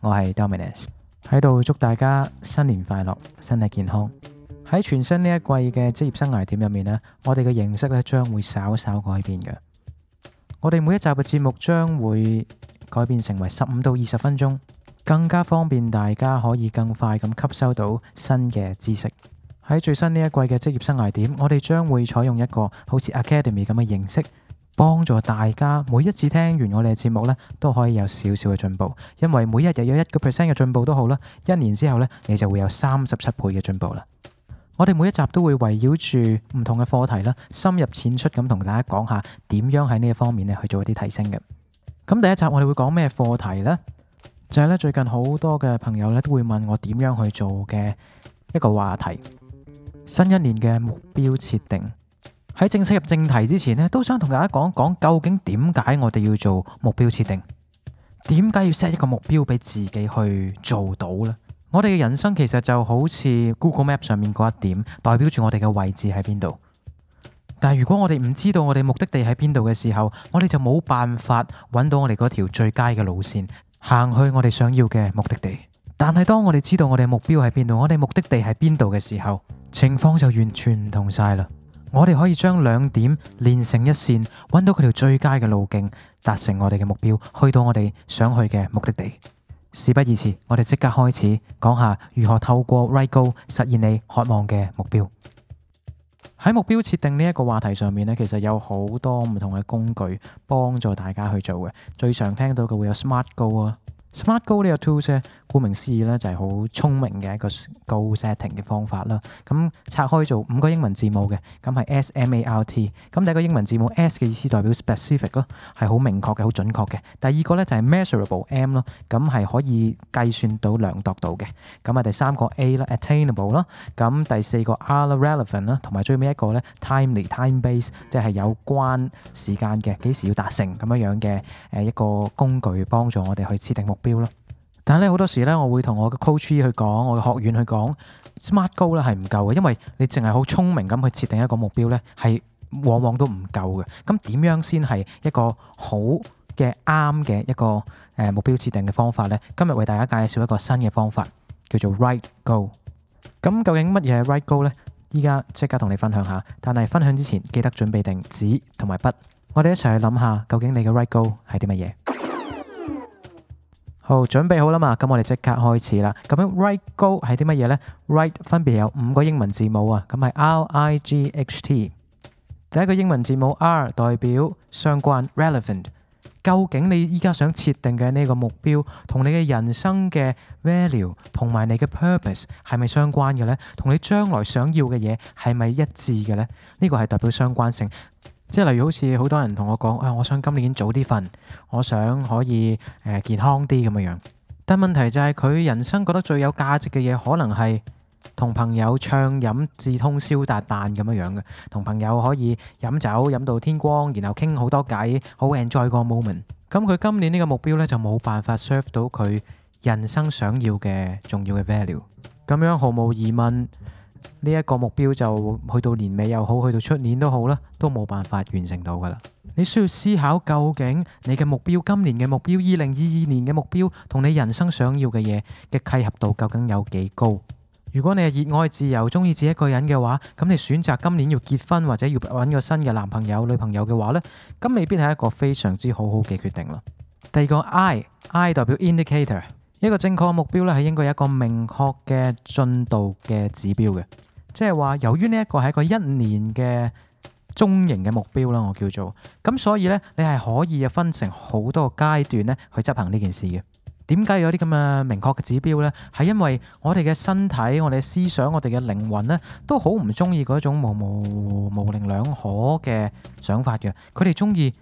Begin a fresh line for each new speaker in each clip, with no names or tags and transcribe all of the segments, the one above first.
我係 Dominus，喺度祝大家新年快樂，身體健康。喺全新呢一季嘅職業生涯點入面呢，我哋嘅形式呢將會稍稍改變嘅。我哋每一集嘅節目將會改變成為十五到二十分鐘，更加方便大家可以更快咁吸收到新嘅知識。喺最新呢一季嘅職業生涯點，我哋將會採用一個好似 Academy 咁嘅形式。幫助大家每一次聽完我哋嘅節目呢，都可以有少少嘅進步。因為每一日有一個 percent 嘅進步都好啦，一年之後呢，你就會有三十七倍嘅進步啦。我哋每一集都會圍繞住唔同嘅課題啦，深入淺出咁同大家講下點樣喺呢一方面呢去做一啲提升嘅。咁第一集我哋會講咩課題呢？就係呢，最近好多嘅朋友呢都會問我點樣去做嘅一個話題。新一年嘅目標設定。喺正式入正題之前呢，都想同大家講一講，究竟點解我哋要做目標設定，點解要 set 一個目標俾自己去做到呢？我哋嘅人生其實就好似 Google Map 上面嗰一點，代表住我哋嘅位置喺邊度。但係如果我哋唔知道我哋目的地喺邊度嘅時候，我哋就冇辦法揾到我哋嗰條最佳嘅路線，行去我哋想要嘅目的地。但係當我哋知道我哋目標喺邊度，我哋目的地喺邊度嘅時候，情況就完全唔同晒啦。我哋可以將兩點連成一線，揾到佢條最佳嘅路徑，達成我哋嘅目標，去到我哋想去嘅目的地。事不宜遲，我哋即刻開始講下如何透過 Right Goal 實現你渴望嘅目標。喺目標設定呢一個話題上面呢，其實有好多唔同嘅工具幫助大家去做嘅，最常聽到嘅會有 Smart Goal 啊。Smart goal 呢個 tools 咧，顧名思義咧就係好聰明嘅一個 goal setting 嘅方法啦。咁拆開做五個英文字母嘅，咁係 S M A R T。咁第一個英文字母 S 嘅意思代表 specific 咯，係好明確嘅、好準確嘅。第二個咧就係 measurable M 咯，咁係可以計算到、量度到嘅。咁啊第三個 A 啦，attainable 啦，咁第四個 R 啦，relevant 啦，同埋最尾一個咧 timely time base，即係有關時間嘅，幾時要達成咁樣樣嘅，誒一個工具，幫助我哋去設定目標。標啦，但係咧好多時咧，我會同我嘅 coach 去講，我嘅學院去講 smart goal 咧係唔夠嘅，因為你淨係好聰明咁去設定一個目標咧，係往往都唔夠嘅。咁點樣先係一個好嘅啱嘅一個誒目標設定嘅方法咧？今日為大家介紹一個新嘅方法，叫做 right goal。咁究竟乜嘢係 right goal 咧？依家即刻同你分享下。但係分享之前，記得準備定紙同埋筆，我哋一齊去諗下究竟你嘅 right goal 係啲乜嘢。好，準備好啦嘛，咁我哋即刻開始啦。咁樣，right goal 係啲乜嘢呢？right 分別有五個英文字母啊，咁係 R I G H T。第一個英文字母 R 代表相關 （relevant）。究竟你依家想設定嘅呢個目標，同你嘅人生嘅 value 同埋你嘅 purpose 係咪相關嘅呢？同你將來想要嘅嘢係咪一致嘅呢？呢個係代表相關性。即係例如好似好多人同我講，啊、哎、我想今年早啲瞓，我想可以誒、呃、健康啲咁樣樣，但問題就係、是、佢人生覺得最有價值嘅嘢，可能係同朋友暢飲至通宵達旦咁樣樣嘅，同朋友可以飲酒飲到天光，然後傾好多偈，好 enjoy 個 moment。咁佢今年呢個目標呢，就冇辦法 serve 到佢人生想要嘅重要嘅 value。咁樣毫無疑問。呢一個目標就去到年尾又好，去到出年都好啦，都冇辦法完成到噶啦。你需要思考究竟你嘅目標、今年嘅目標、二零二二年嘅目標，同你人生想要嘅嘢嘅契合度究竟有幾高？如果你係熱愛自由、中意自己一個人嘅話，咁你選擇今年要結婚或者要搵個新嘅男朋友、女朋友嘅話呢，咁未必係一個非常之好好嘅決定啦。第二個 I I 代表 Indicator。一個正確嘅目標咧，係應該有一個明確嘅進度嘅指標嘅。即係話，由於呢一個係一個一年嘅中型嘅目標啦，我叫做咁，所以呢，你係可以啊分成好多個階段咧去執行呢件事嘅。點解有啲咁嘅明確嘅指標呢？係因為我哋嘅身體、我哋嘅思想、我哋嘅靈魂呢，都好唔中意嗰一種模模糊糊模棱兩可嘅想法嘅。佢哋中意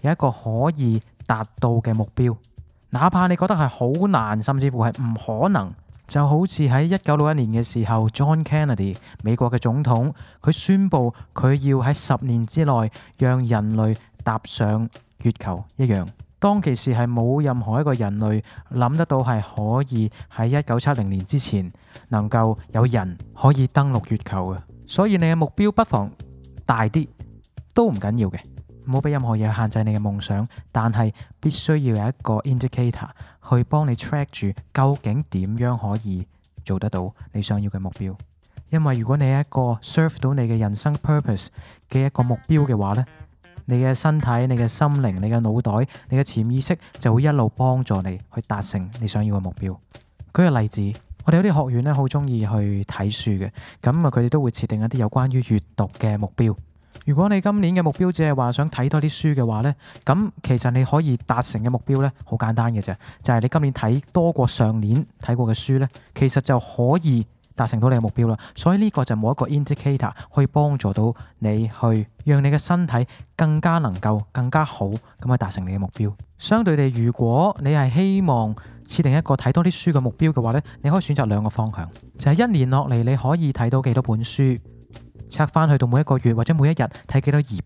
有一個可以達到嘅目標。哪怕你覺得係好難，甚至乎係唔可能，就好似喺一九六一年嘅時候，John Kennedy 美國嘅總統，佢宣布佢要喺十年之內，讓人類踏上月球一樣。當其時係冇任何一個人類諗得到係可以喺一九七零年之前，能夠有人可以登陸月球嘅。所以你嘅目標不妨大啲，都唔緊要嘅。唔好俾任何嘢限制你嘅夢想，但係必須要有一個 indicator 去幫你 track 住究竟點樣可以做得到你想要嘅目標。因為如果你係一個 serve 到你嘅人生 purpose 嘅一個目標嘅話呢，你嘅身體、你嘅心靈、你嘅腦袋、你嘅潛意識就會一路幫助你去達成你想要嘅目標。舉個例子，我哋有啲學員呢，好中意去睇書嘅，咁啊佢哋都會設定一啲有關於閱讀嘅目標。如果你今年嘅目標只係話想睇多啲書嘅話呢，咁其實你可以達成嘅目標呢，好簡單嘅啫，就係你今年睇多過上年睇過嘅書呢，其實就可以達成到你嘅目標啦。所以呢個就冇一個 indicator 可以幫助到你去，讓你嘅身體更加能夠更加好，咁去達成你嘅目標。相對地，如果你係希望設定一個睇多啲書嘅目標嘅話呢，你可以選擇兩個方向，就係一年落嚟你可以睇到幾多本書。拆翻去到每一個月或者每一日睇幾多頁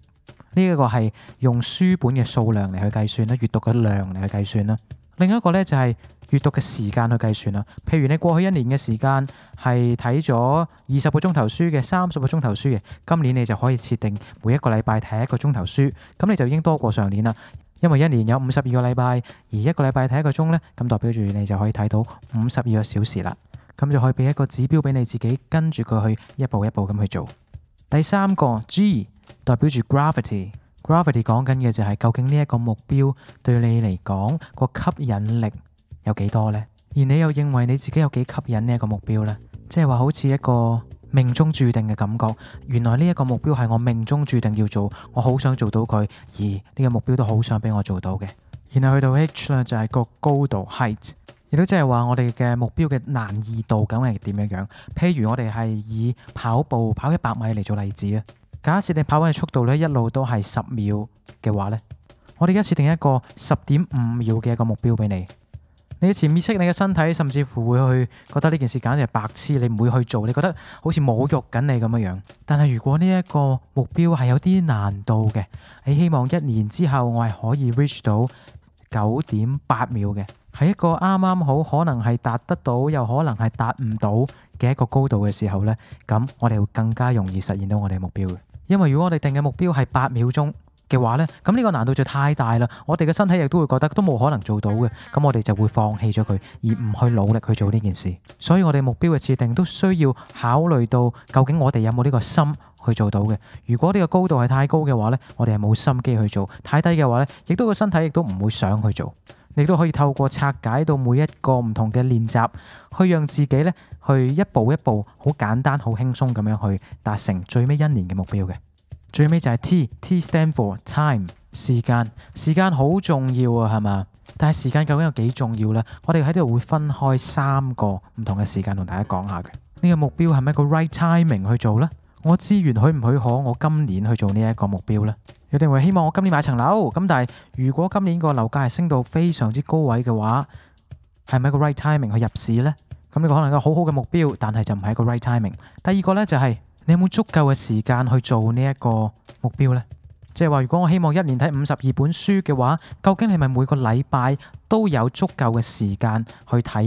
呢？一個係用書本嘅數量嚟去計算啦，閱讀嘅量嚟去計算啦。另一個呢，就係閱讀嘅時間去計算啦。譬如你過去一年嘅時間係睇咗二十個鐘頭書嘅，三十個鐘頭書嘅，今年你就可以設定每一個禮拜睇一個鐘頭書，咁你就已經多過上年啦。因為一年有五十二個禮拜，而一個禮拜睇一個鐘呢，咁代表住你就可以睇到五十二個小時啦。咁就可以俾一個指標俾你自己跟住佢去一步一步咁去做。第三個 G 代表住 Gravity，Gravity 講緊嘅就係究竟呢一個目標對你嚟講個吸引力有幾多呢？而你又認為你自己有幾吸引呢一個目標呢？即係話好似一個命中注定嘅感覺。原來呢一個目標係我命中注定要做，我好想做到佢，而呢個目標都好想俾我做到嘅。然後去到 H 啦，就係個高度 Height。He 亦都即係話我哋嘅目標嘅難易度究竟係點樣樣？譬如我哋係以跑步跑一百米嚟做例子啊。假設你跑步嘅速度呢一路都係十秒嘅話呢，我哋而家設定一個十點五秒嘅一個目標俾你。你嘅潛意識、你嘅身體甚至乎會去覺得呢件事簡直係白痴，你唔會去做，你覺得好似侮辱緊你咁樣樣。但係如果呢一個目標係有啲難度嘅，你希望一年之後我係可以 reach 到九點八秒嘅。喺一個啱啱好，可能係達得到，又可能係達唔到嘅一個高度嘅時候呢，咁我哋會更加容易實現到我哋目標嘅。因為如果我哋定嘅目標係八秒鐘嘅話呢，咁呢個難度就太大啦，我哋嘅身體亦都會覺得都冇可能做到嘅，咁我哋就會放棄咗佢，而唔去努力去做呢件事。所以我哋目標嘅設定都需要考慮到究竟我哋有冇呢個心去做到嘅。如果呢個高度係太高嘅話呢，我哋係冇心機去做；太低嘅話呢，亦都個身體亦都唔會想去做。你都可以透過拆解到每一個唔同嘅練習，去讓自己咧去一步一步好簡單、好輕鬆咁樣去達成最尾一年嘅目標嘅。最尾就係 T T stand for time，時間，時間好重要啊，係嘛？但係時間究竟有幾重要呢？我哋喺度會分開三個唔同嘅時間同大家講下嘅。呢個目標係咪一個 right timing 去做呢？我資源許唔許可我今年去做呢一個目標呢？有啲人會希望我今年買層樓，咁但係如果今年個樓價係升到非常之高位嘅話，係咪一個 right timing 去入市呢？咁呢個可能有好好嘅目標，但係就唔係一個 right timing。第二個呢、就係，就係你有冇足夠嘅時間去做呢一個目標呢？即係話如果我希望一年睇五十二本書嘅話，究竟係咪每個禮拜都有足夠嘅時間去睇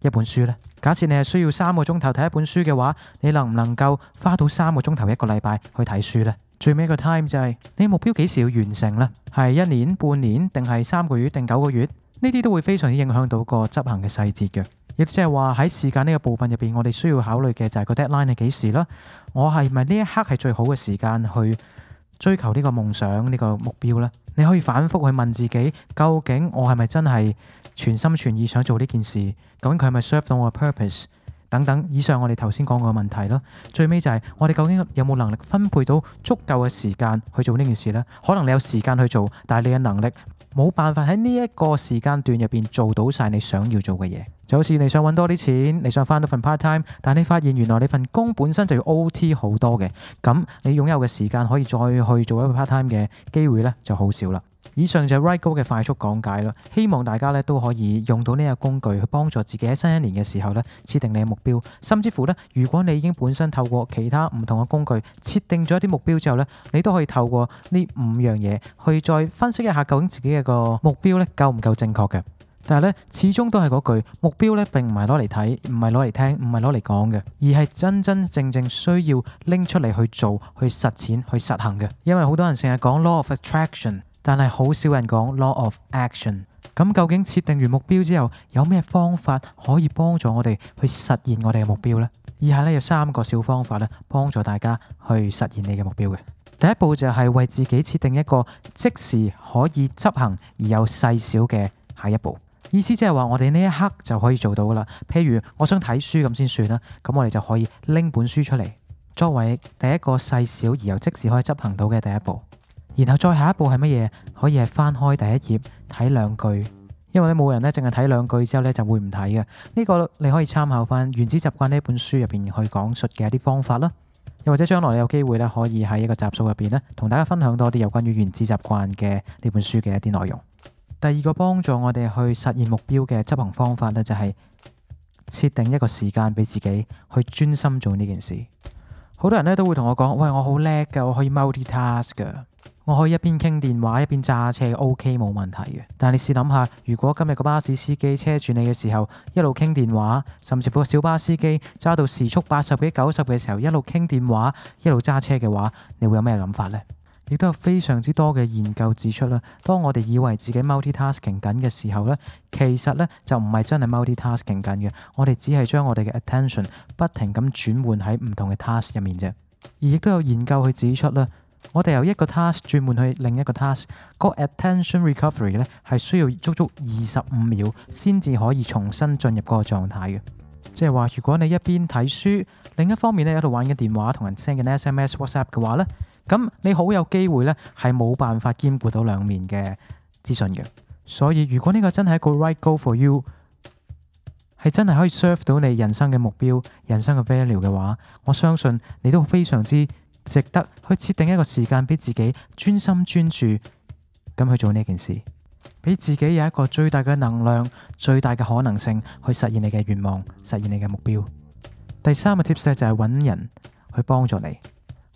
一本書呢？假設你係需要三個鐘頭睇一本書嘅話，你能唔能夠花到三個鐘頭一個禮拜去睇書呢？最尾個 time 就係你目標幾時要完成咧？係一年、半年定係三個月定九個月？呢啲都會非常之影響到個執行嘅細節嘅。亦即係話喺時間呢個部分入邊，我哋需要考慮嘅就係個 deadline 係幾時啦。我係咪呢一刻係最好嘅時間去追求呢個夢想、呢個目標呢？你可以反覆去問自己，究竟我係咪真係全心全意想做呢件事？究竟佢係咪 serve 到我嘅 purpose？等等，以上我哋頭先講過嘅問題咯。最尾就係我哋究竟有冇能力分配到足夠嘅時間去做呢件事呢？可能你有時間去做，但係你嘅能力冇辦法喺呢一個時間段入邊做到晒你想要做嘅嘢。就好似你想揾多啲錢，你想翻到份 part time，但你發現原來你份工本身就要 OT 好多嘅，咁你擁有嘅時間可以再去做一個 part time 嘅機會呢，就好少啦。以上就係 Right Goal 嘅快速講解啦。希望大家咧都可以用到呢個工具去幫助自己喺新一年嘅時候咧設定你嘅目標，甚至乎咧，如果你已經本身透過其他唔同嘅工具設定咗一啲目標之後咧，你都可以透過呢五樣嘢去再分析一下究竟自己嘅個目標咧夠唔夠正確嘅。但係咧，始終都係嗰句目標咧並唔係攞嚟睇，唔係攞嚟聽，唔係攞嚟講嘅，而係真真正正需要拎出嚟去做、去實踐、去實行嘅。因為好多人成日講 law of attraction。但係好少人講 law of action。咁究竟設定完目標之後，有咩方法可以幫助我哋去實現我哋嘅目標呢？以下咧有三個小方法咧，幫助大家去實現你嘅目標嘅。第一步就係為自己設定一個即時可以執行而又細小嘅下一步。意思即係話我哋呢一刻就可以做到噶啦。譬如我想睇書咁先算啦，咁我哋就可以拎本書出嚟，作為第一個細小而又即時可以執行到嘅第一步。然後再下一步係乜嘢？可以係翻開第一頁睇兩句，因為咧冇人咧淨係睇兩句之後咧就會唔睇嘅。呢、這個你可以參考翻《原子習慣》呢本書入邊去講述嘅一啲方法啦。又或者將來你有機會咧，可以喺一個集數入邊咧同大家分享多啲有關於《原子習慣》嘅呢本書嘅一啲內容。第二個幫助我哋去實現目標嘅執行方法咧，就係、是、設定一個時間俾自己去專心做呢件事。好多人咧都會同我講：喂，我好叻噶，我可以 multitask 噶。我可以一邊傾電話一邊揸車，OK 冇問題嘅。但你試諗下，如果今日個巴士司機車住你嘅時候，一路傾電話，甚至乎個小巴司機揸到時速八十幾、九十嘅時候，一路傾電話，一路揸車嘅話，你會有咩諗法呢？亦都有非常之多嘅研究指出啦，當我哋以為自己 multitasking 緊嘅時候咧，其實咧就唔係真係 multitasking 緊嘅，我哋只係將我哋嘅 attention 不停咁轉換喺唔同嘅 task 入面啫。而亦都有研究去指出啦。我哋由一個 task 轉換去另一個 task，嗰個 attention recovery 咧，係需要足足二十五秒先至可以重新進入個狀態嘅。即係話，如果你一邊睇書，另一方面咧喺度玩緊電話同人 send 緊 SMS WhatsApp，WhatsApp 嘅話咧，咁你好有機會咧，係冇辦法兼顧到兩面嘅資訊嘅。所以如果呢個真係一個 right goal for you，係真係可以 serve 到你人生嘅目標、人生嘅 value 嘅話，我相信你都非常之。值得去設定一個時間俾自己專心專注，咁去做呢件事，俾自己有一個最大嘅能量、最大嘅可能性去實現你嘅願望、實現你嘅目標。第三個 tips 咧就係揾人去幫助你。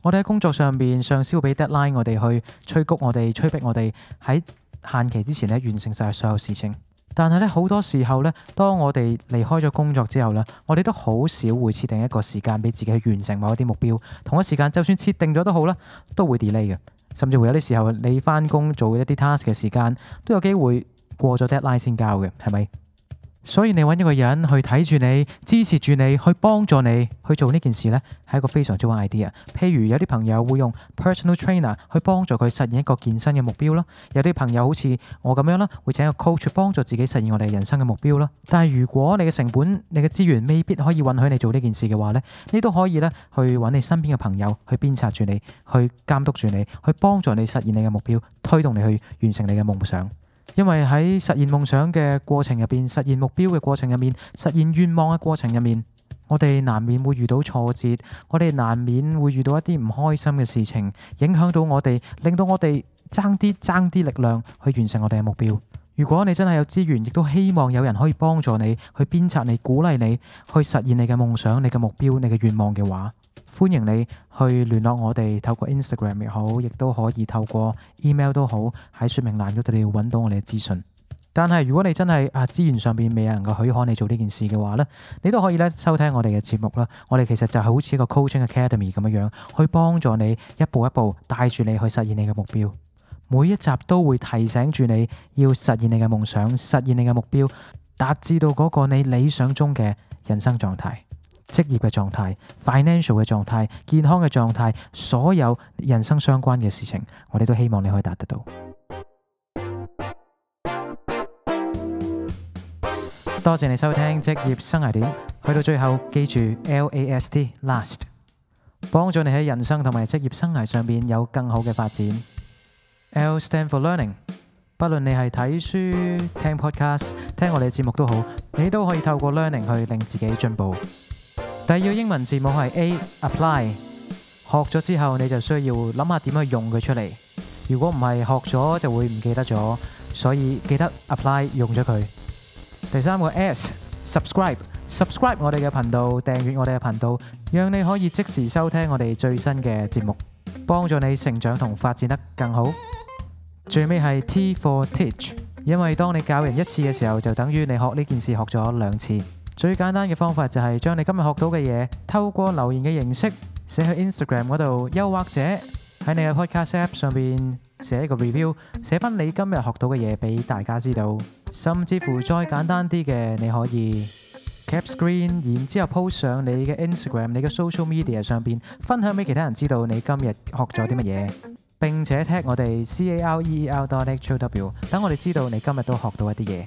我哋喺工作上面，上司會俾 deadline，我哋去催谷我哋、催逼我哋喺限期之前咧完成晒所有事情。但係咧，好多時候咧，當我哋離開咗工作之後啦，我哋都好少會設定一個時間俾自己去完成某一啲目標。同一時間，就算設定咗都好啦，都會 delay 嘅，甚至會有啲時候你返工做一啲 task 嘅時間都有機會過咗 deadline 先交嘅，係咪？所以你揾一個人去睇住你，支持住你，去幫助你去做呢件事呢，係一個非常之好 idea。譬如有啲朋友會用 personal trainer 去幫助佢實現一個健身嘅目標咯；有啲朋友好似我咁樣啦，會請個 coach 幫助自己實現我哋人生嘅目標咯。但係如果你嘅成本、你嘅資源未必可以允許你做呢件事嘅話呢，你都可以呢去揾你身邊嘅朋友去鞭策住你，去監督住你，去幫助你實現你嘅目標，推動你去完成你嘅夢想。因為喺實現夢想嘅過程入面、實現目標嘅過程入面、實現願望嘅過程入面，我哋難免會遇到挫折，我哋難免會遇到一啲唔開心嘅事情，影響到我哋，令到我哋爭啲爭啲力量去完成我哋嘅目標。如果你真係有資源，亦都希望有人可以幫助你去鞭策你、鼓勵你去實現你嘅夢想、你嘅目標、你嘅願望嘅話。歡迎你去聯絡我哋，透過 Instagram 亦好，亦都可以透過 email 都好，喺說明欄嗰度你要揾到我哋嘅資訊。但係如果你真係啊資源上邊未有能夠許可你做呢件事嘅話呢，你都可以咧收聽我哋嘅節目啦。我哋其實就好似一個 coaching academy 咁樣樣，去幫助你一步一步帶住你去實現你嘅目標。每一集都會提醒住你要實現你嘅夢想，實現你嘅目標，達至到嗰個你理想中嘅人生狀態。職業嘅狀態、financial 嘅狀態、健康嘅狀態，所有人生相關嘅事情，我哋都希望你可以達得到。 多謝你收聽職業生涯點，去到最後記住 L A S T last，幫助你喺人生同埋職業生涯上面有更好嘅發展。L stand for learning，不論你係睇書、聽 podcast、聽我哋嘅節目都好，你都可以透過 learning 去令自己進步。第二個英文字母係 A，Apply。學咗之後，你就需要諗下點去用佢出嚟。如果唔係學咗就會唔記得咗，所以記得 Apply 用咗佢。第三個 S，Subscribe，Subscribe 我哋嘅頻道，訂閱我哋嘅頻道，讓你可以即時收聽我哋最新嘅節目，幫助你成長同發展得更好。最尾係 T for Teach，因為當你教人一次嘅時候，就等於你學呢件事學咗兩次。最簡單嘅方法就係將你今日學到嘅嘢透過留言嘅形式寫去 Instagram 嗰度，又或者喺你嘅 Podcast app 上邊寫一個 review，寫翻你今日學到嘅嘢俾大家知道。甚至乎再簡單啲嘅，你可以 cap screen，然之後 po 上你嘅 Instagram、你嘅 social media 上邊分享俾其他人知道你今日學咗啲乜嘢，並且 tag 我哋 c a r e e r dot h o w，等我哋知道你今日都學到一啲嘢。